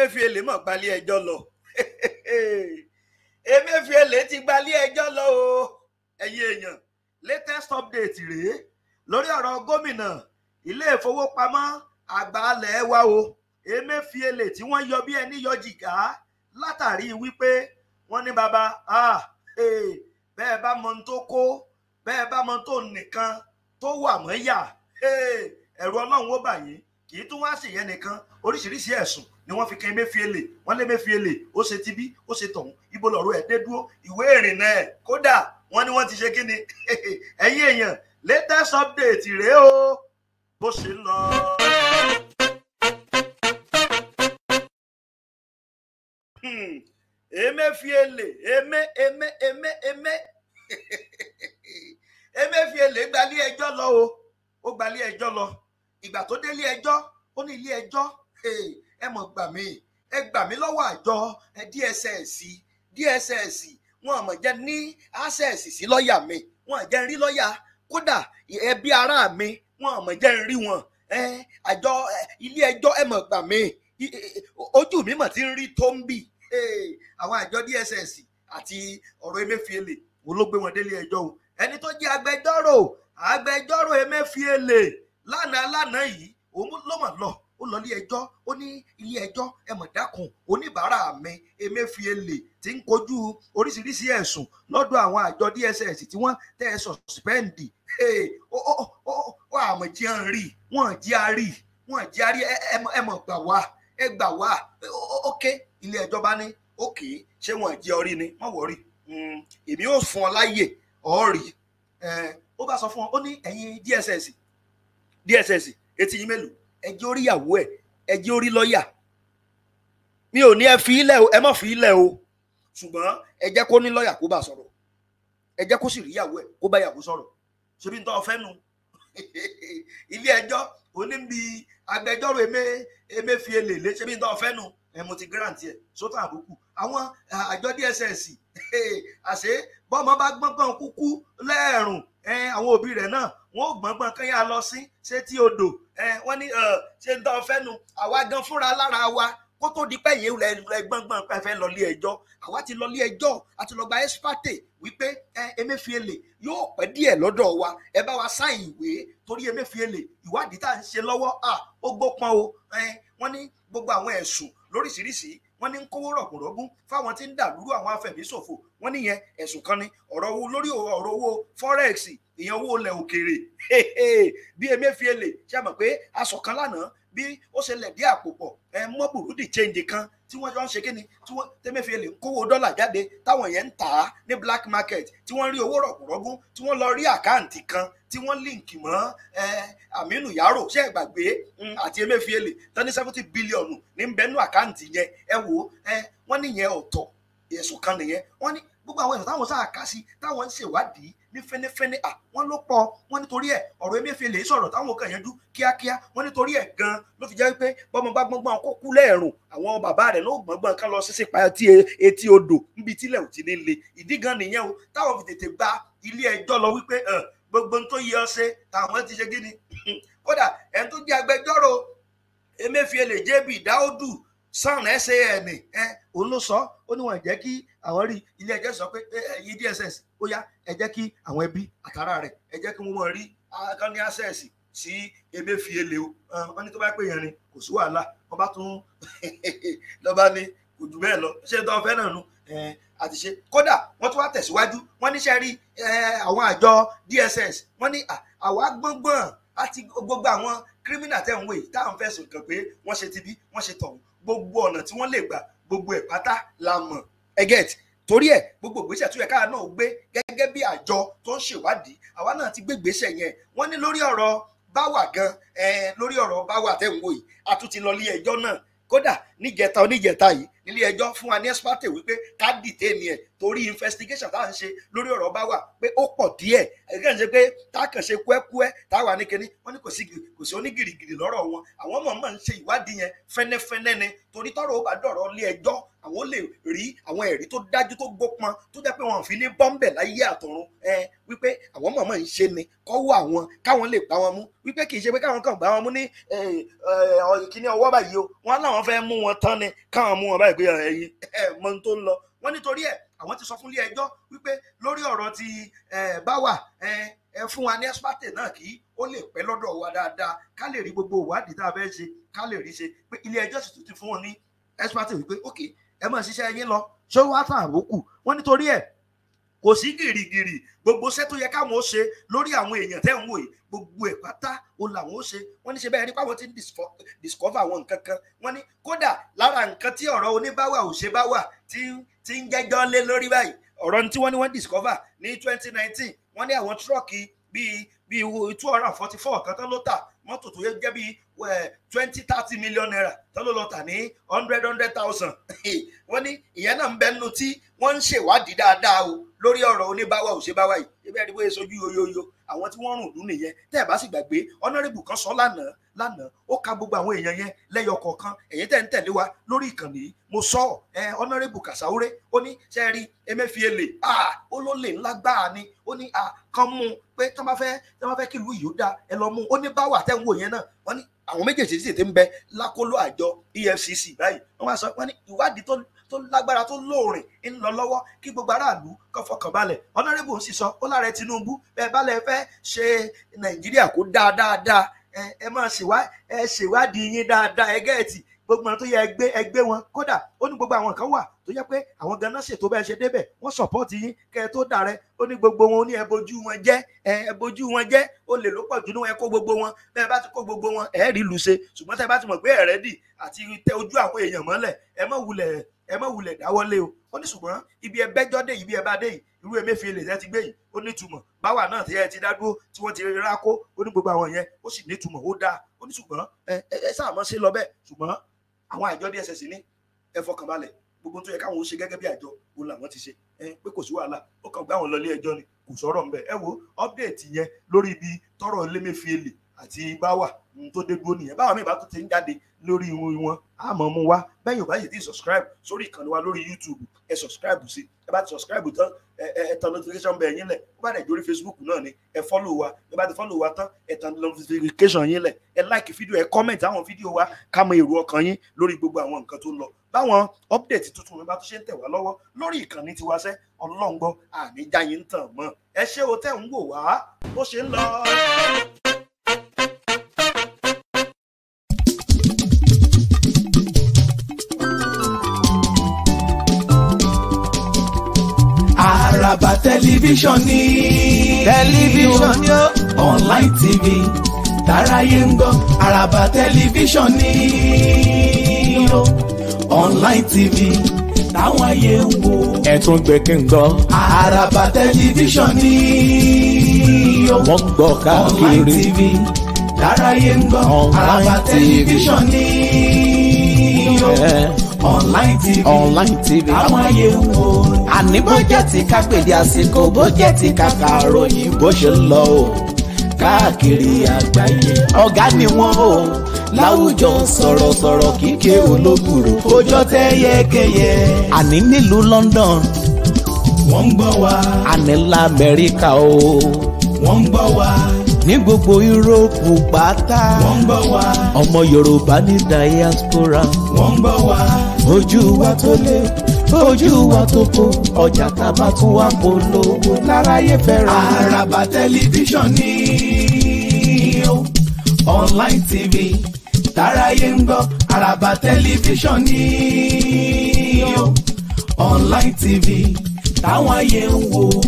emefiele mọ̀ gbalẹ̀ ẹjọ́ lọ emefiele ti gbalẹ̀ ẹjọ́ lọ o ẹ̀yin èèyàn latest update rèé lórí ọ̀rọ̀ gómìnà ilé ìfowópamọ́ àgbàlẹ̀ wa o emefiele tí wọ́n yọ bí ẹni yọ jìgá látàrí wípé wọ́n ní baba bẹ́ẹ̀ bá mọ ohun tó kó bẹ́ẹ̀ bá mọ ohun tó nìkan tó wà mọ́ yà ẹ̀rù ọlọ́run ó bà kì í tún wá sí ìyẹn nìkan oríṣiríṣi ẹ̀sùn ni wọ́n fi kan Emefiele wọ́n lé Emefiele ó ṣe tibí ó ṣe tọ̀hún ibo lọ̀rọ̀ ẹ̀ dé ìwé ìrìnnà ẹ̀ kódà wọ́n ní wọ́n ti ṣe kí ni ẹ̀yin èèyàn latest update rèé o bó ṣe lọ. Hmm. Emefiele eme eme eme eme Emefiele gbalé ẹjọ́ lọ o ó gbalé ẹjọ́ lọ ìgbà tó délé ẹjọ́ ó ní ilé ẹjọ́ ẹ mọ̀ gbà mí ẹ gbà mí lọ́wọ́ àjọ DSS DSS wọn àmọ̀ jẹ́ ní access sí lọ́ọ̀yà mi wọn àjẹ́ rí lọ́ọ̀yà kódà ẹbí ará mi wọn àmọ̀ jẹ́ rí wọn àjọ ilé ẹjọ́ ẹ mọ̀ gbà mí ojú mi mọ̀ ti ń rí tó ń bì àwọn àjọ DSS àti ọ̀rọ̀ Emefiele wo ló gbé wọn délé ẹjọ́ o ẹni tó jẹ́ agbẹjọ́rò agbẹjọ́rò Emefiele lánàá lánàá yìí òun ló mọ̀ lọ ó lọ ilé ẹjọ́ ó ní ilé ẹjọ́ ẹ dákun oníbàárà mi Emefiele ti ń kojú oríṣiríṣi ẹ̀sùn lọ́dọ̀ àwọn àjọ DSS tí wọ́n tẹ́ ẹ sọ̀spẹ́ǹdì ó àmọ̀ jẹ́ ń rí wọ́n jẹ́ á rí wọ́n jẹ́ á rí ẹ gbà wá ẹ gbà wá ókè ilé ẹjọ́ bá ní ókè ṣé wọ́n jẹ́ ọ ni wọ́n wọ̀ rí hmm, èmi ò fún ọ láyè ọ̀ọ́rì ó bá sọ fún ọ ó ní ẹ̀yin DSS DSS etí yín mélòó ẹ jẹ́ orí ìyàwó ẹ ẹ jẹ́ orí lọ́ọ̀yà mi ò ní ẹ fi ilẹ̀ o ẹ má fi ilẹ̀ o ṣùgbọ́n ẹ jẹ́ kó ní lọ́ọ̀yà kó bá sọ̀rọ̀ ẹ jẹ́ kó sì rí ìyàwó ẹ kó bá ìyàwó sọ̀rọ̀ ṣebí n tọ́ fẹ́ nu ilé ẹjọ́ onímbi agbẹjọ́rò eme Emefiele lé ṣebí n tọ́ fẹ́ nu ẹ mo ti grant ẹ sótò àbùkù àwọn àjọ DSS àṣé bọ́mọ bá gbọ́ngàn kúkú lẹ́ẹ̀rùn àwọn òbí rẹ̀ náà wọn ò gbọ́ngbọ́n kan yá lọ sí ṣé tí odò wọ́n ní ṣe ń dán fẹ́nu àwa gan fúnra lára wa kó tó di pẹ́ yẹn lẹ gbọ́ngbọ́n pẹ́ fẹ́ lọlé ẹjọ́ àwa ti lọlé ẹjọ́ àti lọ gba ẹ́sípàtè wípé ẹ Emefiele yóò pẹ́ díẹ̀ lọ́dọ̀ wa ẹ bá wa sáìn ìwé torí Emefiele ìwádìí tá à ń ṣe lọ́wọ́ à ó gbópọn o wọ́n ní gbogbo àwọn ẹ̀sùn lóríṣiríṣi wọ́n ní ń kówó rọ̀kùnrọ̀gún fáwọn tí ń dàlúrú àwọn afẹ̀míṣòfò wọ́n nìyẹn ẹ̀sùn kan ni ọ̀rọ̀ owó lórí ọ̀rọ̀ owó forex ìyẹn owó ilẹ̀ òkèèrè bí Emefiele ṣe mọ̀ pé aṣọ kan lánàá bí ó ṣe lẹ̀dí àpò pọ̀ ẹ mọ́ burúdi change kan tí wọ́n jọ ń ṣe kíni tí wọ́n Emefiele ń kówó dọ́là jáde táwọn yẹn ń tà á ní black market tí wọ́n rí owó rọ̀gùnrọ̀gùn tí wọ́n lọ rí àkáǹtì kan tí wọ́n líǹkì mọ́ Aminu Yaro ṣe ìgbàgbé mm, àti Emefiele tán ní seventy bílíọ̀nù ní bẹ́nu àkáǹtì yẹn ẹ wò ó wọ́n níyẹn ọ̀tọ̀ ẹ̀sùn kan nìyẹn wọ́n ní gbogbo àwọn èèyàn táwọn sáà ká sí táwọn ń ṣèwádìí ní fẹnifẹni à wọn ló pọ̀ wọn nítorí ẹ̀ ọ̀rọ̀ Emefiele sọ̀rọ̀ táwọn kan yẹn dú kíákíá wọn nítorí ẹ̀ gan ló fi jẹ́ pé bọmọ bá gbọngbọn kó kú lẹẹrùn àwọn bàbá rẹ̀ ló gbọngbọn ká lọ sísè pa etí etí odò níbi tílẹ̀ ò ti ní le ìdí gan nìyẹn o táwọn fi tètè gba ilé ẹjọ́ lọ wípé gbogbo tó yẹ ọ ṣe táwọn ti ṣe gíní kódà ẹni tó jẹ́ agbẹjọ́rò Emefiele jẹbi dáódù sound san ẹ òun ló sọ ó níwọ̀n jẹ́ kí àwọn rí ilé ẹjọ́ sọ pé ẹ̀yin dss ó yá ẹ jẹ́ kí àwọn ẹbí àtàrà rẹ̀ ẹ jẹ́ kí wọ́n mọ̀ rí akọni access sí Emefiele o wọ́n ní tó bá pè yẹn ni kò sí wàhálà wọ́n bá tún lọ́ba ní kò jù bẹ́ẹ̀ lọ ṣé tó fẹ́ náà nu àti ṣe kódà wọ́n tún wá tẹ̀síwájú wọ́n níṣẹ́ rí àwọn àjọ dss wọ́n ní àwa gbọ́ngbọ́n àti gbogbo àwọn kírímìnà tẹ̀ ń wò yìí táwọn fẹ̀sùn kàn pé wọ́n ṣe ti bí wọ́n ṣe tọ̀hún gbogbo ọ̀nà tí wọ́n lè gbà gbogbo ẹ̀ pátá la mọ̀ ẹgẹ́t torí ẹ̀ gbogbo ìgbésẹ̀ tó yẹ káà náà gbé gẹ́gẹ́ bí àjọ tó ń ṣèwádìí àwa náà ti gbé ìgbésẹ̀ yẹn wọ́n ní lórí ọ̀rọ̀ báwà gan lórí ọ̀rọ̀ báwà tẹ̀ ń wò yìí a tún ti lọ ilé ẹjọ́ náà kódà níjẹta oníjẹta yìí ilé ẹjọ́ fún wa ní ẹ́sípátì wípé ká dìtẹ́ ni ẹ̀ torí investigation táwọn ṣe lórí ọ̀rọ̀ bá wà pé ó pọ̀ díẹ̀ ẹ̀gẹ́ ṣe pé tá kàn ṣe kúẹ́kúẹ́ táwa ní kinní wọ́n ní kò sí kò sí onígìrìgìrì lọ́rọ̀ wọn àwọn ọmọ mọ̀ ń ṣe ìwádìí yẹn fẹ́nẹ́fẹ́nẹ́ ni torí tọ́rọ̀ ó bá dọ̀rọ̀ ilé ẹjọ́ àwọn lè rí àwọn ẹ̀rí tó dájú tó gbópọn tó jẹ́ pé wọn ò fi ní bọ́m̀bẹ̀ láyé àtọ̀run ẹ wípé àwọn mọ̀mọ́ ń ṣe ni kọ́wọ́ àwọn káwọn lè gbá wọn mú wípé kì í ṣe pé káwọn kàn gbá wọn mú ní kíní ọwọ́ báyìí o wọn láwọn fẹ́ mú wọn tán ni káwọn mú wọn báyìí gbàgbé ẹ̀yin ẹ mọ ohun tó ń lọ wọ́n nítorí ẹ̀ àwọn ti sọ fún ilé ẹjọ́ wípé lórí ọ̀rọ̀ ti báwà ẹ fún wa ní ẹsípàtẹ náà kí ó lè pẹ́ lọ́dọ̀ wa dáadáa ká lè rí gbogbo ìwádìí tá a fẹ́ ṣe ká lè rí ṣe pé ilé ẹjọ́ sì tún ti fún wọn ní ẹsípàtẹ wípé ok ẹ máa ṣiṣẹ́ yín lọ ṣé wàá tàn àbókù wọ́n nítorí ẹ̀ kò sí gìrìgìrì gbogbo iṣẹ́ tó yẹ káwọn ó ṣe lórí àwọn èèyàn tẹ́ ń wò yìí gbogbo ẹ̀ pátá o làwọn ó ṣe wọ́n ní ṣe bẹ́ẹ̀ rí pàwọn ti ń discover àwọn nǹkan kan wọ́n ní kódà lára nǹkan tí ọ̀rọ̀ oníbáwà ò ṣe bá wà tí ń jẹ́jọ́ lé lórí báyìí ọ̀rọ̀ tí wọ́n ní wọ́n discover ní 2019 wọ́n ní àwọn tírọ̀kì bíi bíi two hundred and forty four kan tán ló tà mọ́tò tó yẹ jẹ́ bíi twenty thirty million naira tán ló lọ tà ní hundred hundred thousand wọ́n ní ìyẹn náà ń bẹ nínú tí wọ́n ń ṣèwádìí dáadáa o lórí ọ̀rọ̀ oníbáwá òṣèbáwá yìí ibẹ̀ rí bóyá sojú yoyoyo àwọn tí wọ́n rùn lù nìyẹn tẹ́ ẹ̀ bá sì gbàgbé ọ̀nàrẹ́bù kan sọ lánàá lánàá ó ka gbogbo àwọn èèyàn yẹn lẹ́yọ kọ̀ọ̀kan ẹ̀yin tẹ́ ń tẹ̀lé wa lórí ìkànnì yìí mo sọ ẹ ọ̀nàrẹ́bù kàsáwúré ó ní ṣe rí emefiele à ó ló lè ńlá gbáà ni ó ní à kan mú un pé tọ́ bá fẹ́ tọ́ bá fẹ́ kí ìlú yìí ó dáa ẹ lọ mú un ó ní báwà tẹ́ ń wò yẹn náà wọ́n ní àwọn méjèèjì sì ti ń bẹ lákòlò àjọ EFCC báyìí wọ́n máa sọ wọ́n ní ìwádìí tó tó lágbára tó lóòrìn ń lọ lọ́wọ́ kí gbogbo aráàlú kó fọkàn balẹ̀ ọ̀nàrẹ́bù ń sì sọ ó lára Tinubu bẹ́ẹ̀ balẹ̀ fẹ́ ṣe Nàìjíríà kó dáa dáadáa ẹ máa ṣèwádìí yín dáadáa ẹgẹ́ẹ̀tì gbogbo àwọn tó yẹ ẹgbẹ́ ẹgbẹ́ wọn kódà ó ní gbogbo àwọn kan wà tó yẹ pé àwọn ganan ṣètò bẹ́ẹ̀ ṣe débẹ̀ wọ́n sọ̀pọ́ọ̀tì yín kẹ́ ẹ tó dà rẹ ó ní gbogbo wọn ó ní ẹbojú wọn jẹ́ ẹbojú wọn jẹ́ ó lè ló pọ̀ jù ní ẹ kó gbogbo wọn bẹ́ẹ̀ bá ti kó gbogbo wọn ẹ̀ rí lùṣe ṣùgbọ́n tẹ́ bá ti mọ̀ pé ẹ̀rẹ́ dì àti tẹ ojú àwọn èèyàn mọ́lẹ̀ ẹ mọ̀ wulẹ̀ ẹ mọ̀ wulẹ̀ dáwọ́lé o ó ní ṣùgbọ́n ibi ẹ bẹ́jọ́ dé ibi ẹ bá dé yìí irú Emefiele ẹ ti gbé yìí ó nítumọ̀ báwa náà ti ẹ ti dá dúró tí wọ́n ti rárá kó ó ní gbogbo àwọn yẹn ó sì nítumọ̀ ó dáa ó ní ṣùgbọ́n ẹ ẹ sáà mọ́ sí lọ bẹ́ẹ̀ ṣùgbọ́n àwọn àjọ DSS ní ẹ fọkànbalẹ̀ gbogbo tó yẹ káwọn ó ṣe gẹ́gẹ́ bí àjọ òun làwọn ti ṣe pé kò sí wàhálà ó kàn gbá lọ ilé ẹjọ́ ni kò sọ̀rọ̀ ńbẹ̀ ẹ wo update yẹn lórí ibi tọ́rọ̀ Emefiele àti báwà tó dé dúró nìyẹn báwa mi bá tún ti ń jáde lórí wọn a mọ̀ mú wa bẹ́yìn ò ti subscribe sórí ìkànnì wa lórí YouTube ẹ subscribe sí ẹ bá ti subscribe tán ẹ tan notification bell yín lẹ̀ ó bá dẹ̀ jórí Facebook náà ni ẹ follow wa ẹ bá ti follow wa tán ẹ tan notification yín lẹ̀ ẹ like fídíò ẹ comment àwọn fídíò wa ká mọ èrò ọkàn yín lórí gbogbo àwọn nǹkan tó ń lọ báwọn update tuntun mi bá tún ṣe ń tẹ̀ wá lọ́wọ́ lórí ìkànnì tiwa sẹ́ ọlọ́ngbọ́ àníjáyín tàn mọ́ ẹ ṣé o tẹ̀ ń wò wá bó ṣe ń lọ. tẹlifíṣàn ni. tẹlifíṣàn ni ó. online tv tàráyé ń gbọ́ àràbà tẹlifíṣàn ni online tv táwọn ayé ń wo. ẹ tún gbé kí n gbọ́. àràbà tẹlifíṣàn ni wọ́n gbọ́ káàkiri. online tv tàráyé ń gbọ́ àràbà tẹlifíṣàn ni ó online tv online tv àwọn ayé ń wo ni. àní bó jẹ́ ti ká pèdé àsìkò bó jẹ́ ti ká ròyìn bó ṣe lọ o káàkiri àgbáyé ọ̀gá ni wọ́n o láwùjọ sọ̀rọ̀sọ̀rọ̀ kíkẹ́ olóbùrò ọjọ́ tẹ́ yẹ́kẹ́yẹ́. àní nílùú London. wọ́n ń gbọ́ wa. àní lamẹ́ríkà o. wọ́n ń gbọ́ wa ní gbogbo yúróòpù pátá. wọ́n ń wá. ọmọ yorùbá ní diaspora. wọ́n ń wá. ojú wa tó lé ojú wa tó kó ọjà tá a bá tún wá polówó láráyé fẹ́ràn. àràbà tẹlifíṣàn ni ó online tv táráyé ń gbọ́ àràbà tẹlifíṣàn ni ó online tv táwọn ayé ń wò.